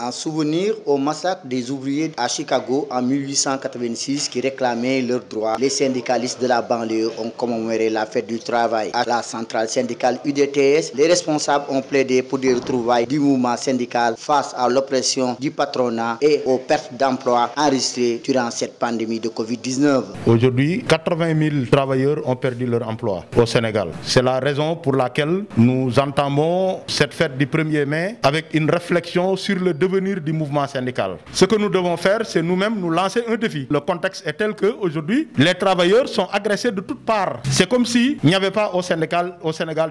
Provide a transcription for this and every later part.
En souvenir au massacre des ouvriers à Chicago en 1886 qui réclamaient leurs droits, les syndicalistes de la banlieue ont commémoré la fête du travail. À la centrale syndicale UDTS, les responsables ont plaidé pour des retrouvailles du mouvement syndical face à l'oppression du patronat et aux pertes d'emplois enregistrées durant cette pandémie de Covid-19. Aujourd'hui, 80 000 travailleurs ont perdu leur emploi au Sénégal. C'est la raison pour laquelle nous entamons cette fête du 1er mai avec une réflexion sur le devenir du mouvement syndical. Ce que nous devons faire, c'est nous-mêmes nous lancer un défi. Le contexte est tel qu'aujourd'hui, les travailleurs sont agressés de toutes parts. C'est comme s'il n'y avait pas au Sénégal,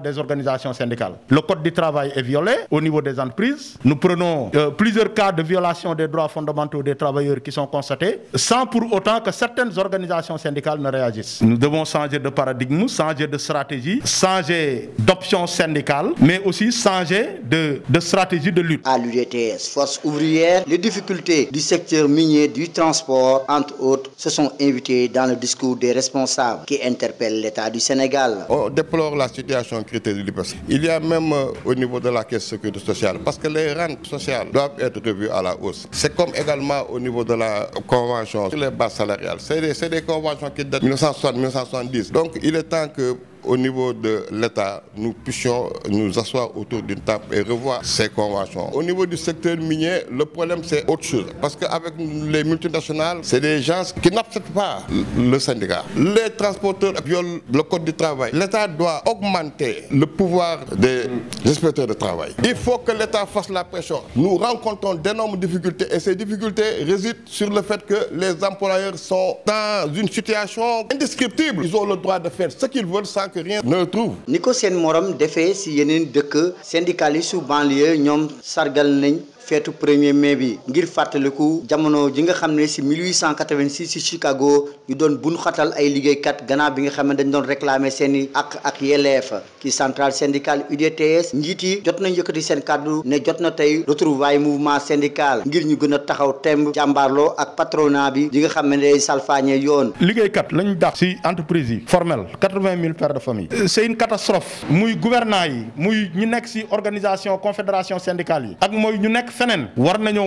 des organisations syndicales. Le code du travail est violé au niveau des entreprises. Nous prenons euh, plusieurs cas de violation des droits fondamentaux des travailleurs qui sont constatés, sans pour autant que certaines organisations syndicales ne réagissent. Nous devons changer de paradigme, changer de stratégie, changer d'option syndicale, mais aussi changer de, de stratégie de lutte. À l'UDTS, ouvrières, les difficultés du secteur minier, du transport, entre autres, se sont invitées dans le discours des responsables qui interpellent l'État du Sénégal. On déplore la situation critique du l'IPES. Il y a même euh, au niveau de la caisse de sécurité sociale, parce que les rentes sociales doivent être revues à la hausse. C'est comme également au niveau de la convention sur les bases salariales. C'est des, des, conventions qui datent de 1960-1970. Donc il est temps que au niveau de l'État, nous puissions nous asseoir autour d'une table et revoir ces conventions. Au niveau du secteur minier, le problème c'est autre chose. Parce qu'avec les multinationales, c'est des gens qui n'acceptent pas le syndicat. Les transporteurs violent le code du travail. L'État doit augmenter le pouvoir des inspecteurs de travail. Il faut que l'État fasse la pression. Nous rencontrons d'énormes difficultés et ces difficultés résident sur le fait que les employeurs sont dans une situation indescriptible. Ils ont le droit de faire ce qu'ils veulent sans que que rien ne retrouve. ni ko seen ci yeneen dëkk syndicalistes banlieue n'yom sargal nañ. feetu premier mai bi ngir coup. jamono ji nga xamné ci 1886 ci Chicago ñu doon buñ xatal ay kat Gana bi nga xamné dañ doon réclamer seen ak ak yelleef ki centrale syndicale UDTS njiti yi jot nañ yëkkati seen kàddu ne jot na tey retrouvaille mouvement syndical ngir ñu gëna taxaw temb jambarlo ak patronat bi yi nga xamné ne day salfaañe yoon kat lañ dax ci entreprise formelle formel 80 000 per famille. Euh, c'est une catastrophe muy gouvernants yi muy ñu ci organisation confédération syndicale yi ak mooy ñu nekk feneen war nañoo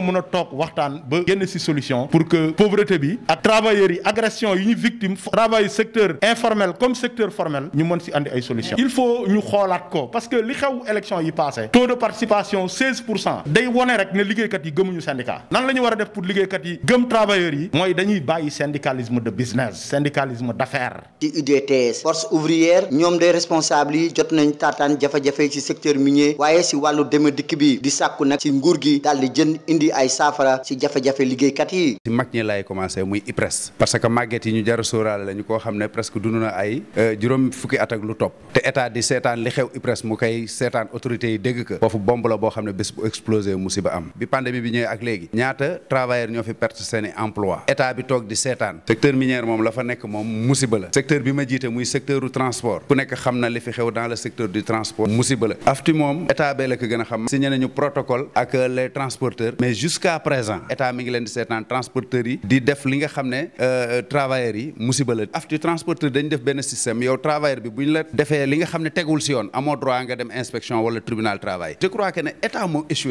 solution pour que pauvreté bi travailleurs yi agression yi victime travail secteur informel comme secteur formel ñu mën ci andi ay solution il faut nous faire ko parce que li xew élection yi passé taux de participation 16 day wone rek ne kat yi ñu syndicat nan lañu wara def pour kat yi gëm travailleurs yi moy dañuy bayyi syndicalisme de business syndicalisme d'affaires ci UDTS force ouvrière minière ñom day responsable yi jot nañ tatane jafe jafé ci secteur minier wayé ci walu dem dikk bi di sakku nak ci nguur gi dal di jënd indi ay ci si jafé liggéey kat yi si mag ñi lay commencé muy ipress parce que magget yi ñu jaru soral lañ ko xamné presque du na ay euh, juroom fukki at ak lu top té état di sétane li xew ipress mu kay sétane autorité yi dégg ko fofu bombe la bo xamné ne bu exploser musiba am bi pandémie bi ñëw ak légui ñaata travailleur ñoo fi perte seeni emploi état bi tok di sétane secteur minière mom la fa nek mom musiba la secteur bi ma jité muy secteuru transport transport ku nekk xam na li fi xew dans le secteur du transport musiba la afti moom état bee la ko gën a xam signé nañu protocole ak euh, les transporteurs mais jusqu'à présent état mi ngi leen di seetaan transporteurs yi di def li nga xam ne euh, euh, travailleurs yi musiba la afti transporteur dañ def benn système yow travailleur bi bu ñu la defee li nga xam ne tegul si yoon amoo droit nga dem inspection wala tribunal travail je crois que ne état moo échoué